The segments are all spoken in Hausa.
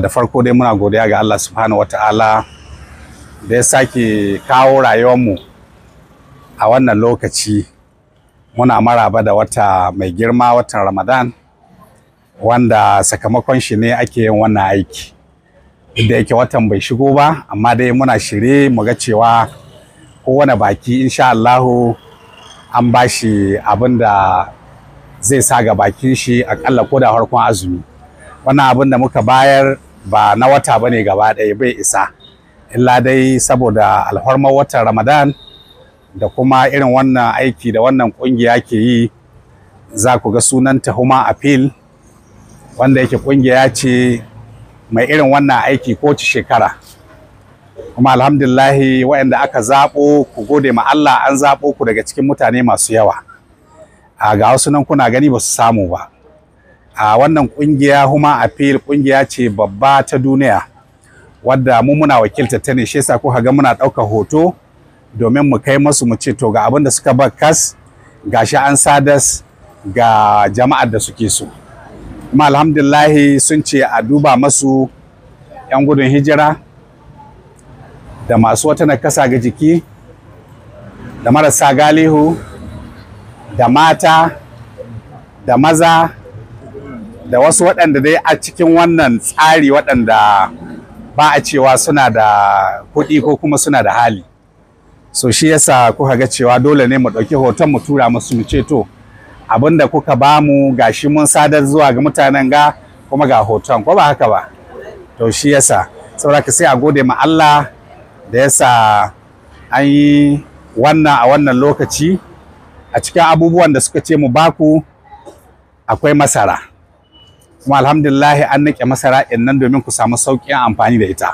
da farko dai muna godiya ga Allah subhanahu wata'ala da ya sake kawo rayuwar mu a wannan lokaci muna maraba da wata mai girma watan ramadan wanda sakamakon shi ne ake yin wannan aiki da yake watan bai shigo ba amma dai muna shirye mu ga cewa kowane baki insha Allahu an ba shi abin da zai sa ga bakin shi akalla ko da harkon azumi wannan abin da muka bayar ba na wata bane gaba ɗaya bai isa illa dai saboda alhormar watan ramadan da kuma irin wannan aiki da wannan kungiya ke yi za ku ga sunanta huma appeal wanda yake kungiya ce mai irin wannan aiki ko ci shekara kuma alhamdulillahi waɗanda aka zaɓo ku gode ma Allah an zaɓo ku daga cikin mutane masu yawa a ga wasu nan kuna gani ba su samu ba a wannan kungiya huma appeal kungiya ce babba ta duniya wadda mu muna wakilta ta ne shi yasa kuka ga muna ɗauka hoto domin mu kai masu mu ce to ga abin da suka bar kas ga gashi an sadas ga jama'ar da suke so kuma alhamdulillah sun ce a duba masu 'yan gudun hijira da masu wata na kasa ga jiki da marasa galihu da mata da maza da wasu waɗanda dai a cikin wannan tsari waɗanda ba a cewa suna da kuɗi ko kuma suna da hali so shi yasa kuka ga cewa dole ne mu ɗauki hoton mu tura musu mu ce to abin da kuka ba mu gashi mun sadar zuwa ga mutanen ga kuma ga hoton ko ba haka ba to shi yasa saboda sai a gode ma Allah da yasa an yi wannan a wannan lokaci a cikin abubuwan da suka ce mu baku akwai masara kuma alhamdulillah an nake masara in nan domin ku samu sauƙin amfani da ita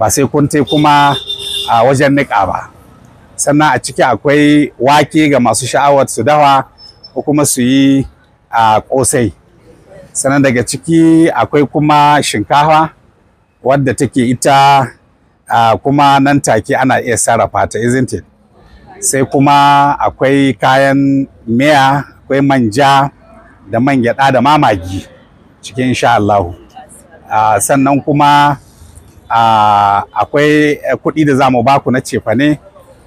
ba sai kun tai kuma a wajen niƙa ba sannan a ciki akwai wake ga masu sha'awar su dawa ko kuma su yi a ƙosai sannan daga ciki akwai kuma shinkafa wadda take ita kuma nan take ana iya sarrafa ta isn't it sai kuma akwai kayan miya akwai manja da man gyaɗa da mamagi cikin insha Allah ah, sannan kuma ah, akwai eh, kuɗi da za mu baku na cefane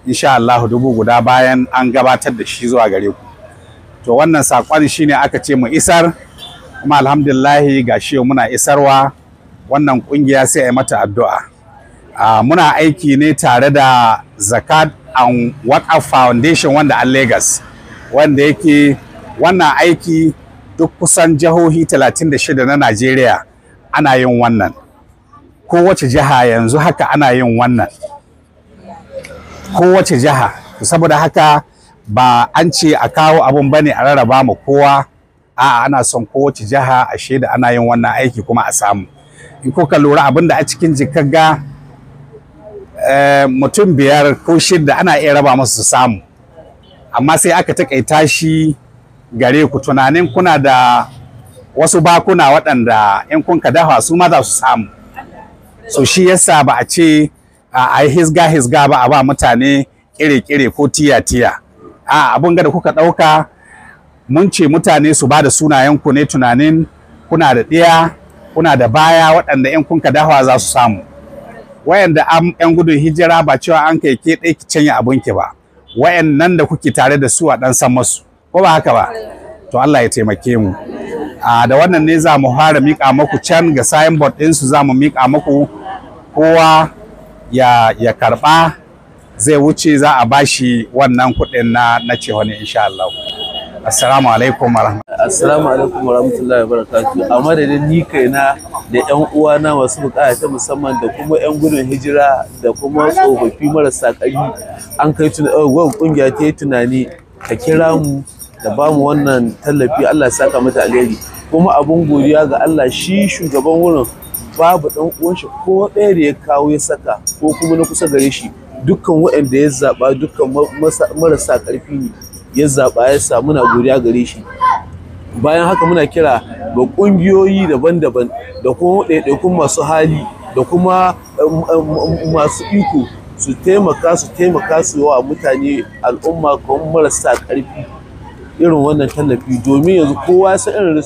insha Allah dubu guda bayan an gabatar da shi zuwa gare ku to wannan saƙon shine aka ce mu isar kuma alhamdulillahi ga shi muna isarwa wannan ƙungiya sai a yi mata addu'a ah, muna aiki ne tare da zakat and a foundation wanda a lagos wanda yake wannan aiki duk kusan jihohi 36 na Najeriya ana yin wannan kowace jiha yanzu haka ana yin wannan kowace jiha saboda haka ba an ce a kawo abun bane a rarraba mu kowa a ana son kowace jiha a shaida ana yin wannan aiki kuma a samu in kuka lura abin da a cikin ga eh, mutum biyar ko shida ana iya raba masu su samu amma sai aka taƙaita shi gare ku tunanin kuna da wasu bakuna waɗanda in kun ka dafa su ma za su samu so shi yasa ba a ce a yi hisga hisga ba a ba mutane kire-kire ko tiya-tiya a abin da kuka ɗauka mun ce mutane su ba da sunayenku ne tunanin kuna da ɗiya kuna da baya waɗanda in kun ka dafa za su samu wayanda yan gudun hijira ba cewa an kai ke ɗaya ki canya abinki ba wayannan da kuke tare da su a ɗan san masu ko ba haka ba to Allah ya taimake mu a da wannan ne za mu fara miƙa maku can ga signboard ɗinsu za mu miƙa maku kowa ya, ya karɓa zai wuce za a bashi wannan kuɗin na na cewa ne insha Allah assalamu alaikum assalamu alaikum warahmatullahi wabarakatuh a madadin ni kaina da yan uwana masu bukata ta musamman da kuma yan gudun hijira da kuma tsofaffi marasa ƙayi an kai kungiya oh, ta yi tunani ka kira mu da ba mu wannan tallafi Allah ya saka mata alheri kuma abun godiya ga Allah shi shugaban wurin babu dan uwan shi ko ɗaya da ya kawo ya saka ko kuma na kusa gare shi dukkan waɗanda ya zaba dukkan marasa ƙarfi ne ya zaba ya sa muna godiya gare shi bayan haka muna kira ga ƙungiyoyi daban-daban da kuma ɗaiɗaikun masu hali da kuma um, um, um, masu iko su taimaka su taimaka su wa mutane al'umma kuma marasa ƙarfi irin wannan tallafi domin yanzu kowa sai irin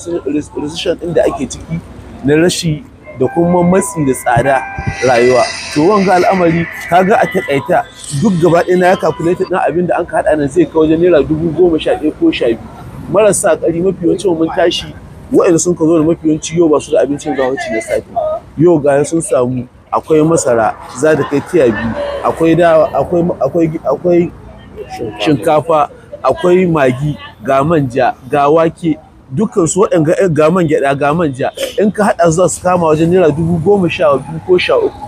recession inda da ake ciki na rashi da kuma matsi da tsada rayuwa to wanga al'amari kaga a takaita duk gaba ɗaya na ya calculate ɗin abin da an ka haɗa nan zai kai wajen naira dubu goma sha ɗaya ko sha biyu marasa ƙari mafi yawancin mun tashi waɗanda sun ka zo da mafi yawanci yau ba su da abincin gawaci da safe yau ga sun samu akwai masara za da kai tiya biyu akwai dawa akwai akwai shinkafa akwai magi ga manja ga wake dukkan su eh, ga man gyaɗa ga manja in ka haɗa za su kama wajen naira dubu goma sha biyu ko sha uku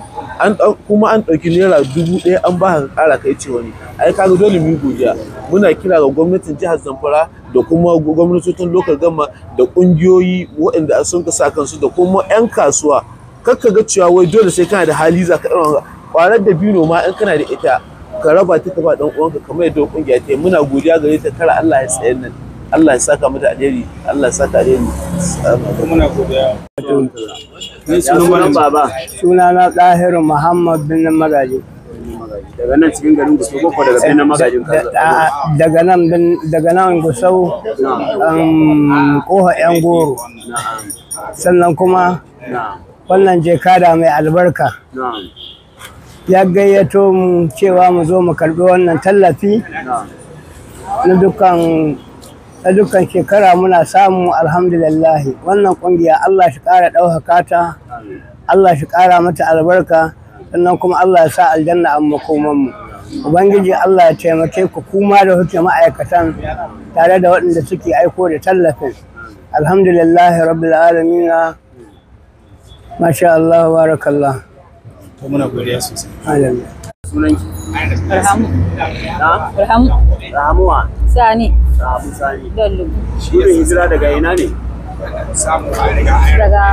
kuma an ɗauki naira dubu ɗaya an ba ka ƙara kai ce wani ai kaga dole mu godiya muna kira ga gwamnatin jihar Zamfara da kuma gwamnatocin local gama da ƙungiyoyi waɗanda sun ka sa kansu da kuma 'yan kasuwa kakka ga cewa wai dole sai kana da hali za ka kwarar da bino ma in kana da ita ka raba ta ta ba dan uwanka kamar yadda kungiya ta muna godiya gare ta kar Allah ya tsaye nan Allah ya saka mata alheri Allah ya saka alheri muna godiya ni sunan baba suna na Dahiru Muhammad bin Magaji daga nan cikin garin Gusau ko daga bin Magajin daga nan daga nan Gusau um, koha yan goro sannan kuma wannan je kada mai albarka ya gayyato mu cewa mu zo mu karbi wannan tallafi na dukkan shekara muna samu alhamdulillahi wannan kungiya Allah shi kara ɗaukaka ta Allah shi kara mata albarka sannan kuma Allah ya sa aljanna a makoman mu ubangiji Allah ya taimake ku kuma da hukumar ma'aikatan tare da waɗanda suke aiko da tallafin alhamdulillahi rabbil alamin masha Allah barakallah to muna godiya sosai alhamdulillah sunanki rahamu rahamu rahamuwa sani rahamu sani dallu shi hijira daga ina ne daga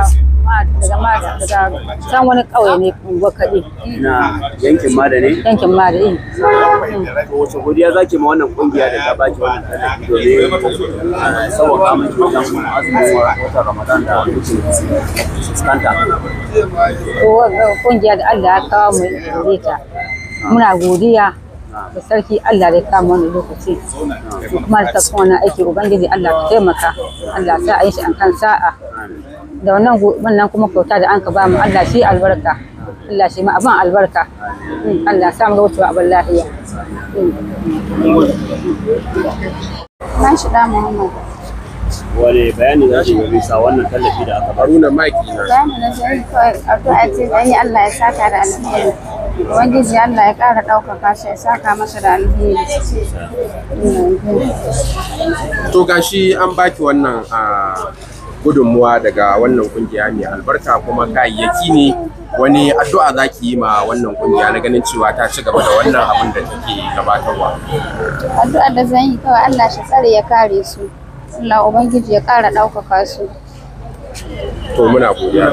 daga mada daga can wani kauye ne unguwar kaɗe na yankin mada ne yankin mada wace godiya zaki ma wannan kungiya da ta baki wannan tallafi domin azumin watan ramadan da fuskanta kungiya da Allah ya kawo mu ta muna godiya da sarki Allah da kama wani lokaci su kuma da tafi wannan aiki ubangiji Allah ta taimaka Allah sa a yi shi an kan sa'a da wannan wannan kuma kyauta da an ka bamu Allah shi albarka Allah shi ma abin albarka Allah sa mu ga wucewa abin lahiya. na shi da Muhammad wani bayanin da zai bisa wannan tallafi da aka ba. Haruna maki na. Bayanin da zai kawai addu'a ce da Allah ya saka da alheri. Ubangiji Allah ya ƙara ɗaukaka shi ya saka masa da alheri. To gashi an baki wannan a gudunmuwa daga wannan kungiya mai albarka kuma kayayyaki ne wani addu'a za ki yi ma wannan kungiya na ganin cewa ta ci gaba da wannan abin da take gabatarwa. Addu'ar da zan yi kawai Allah shi tsare ya kare su. Allah Ubangiji ya ƙara ɗaukaka su. To muna godiya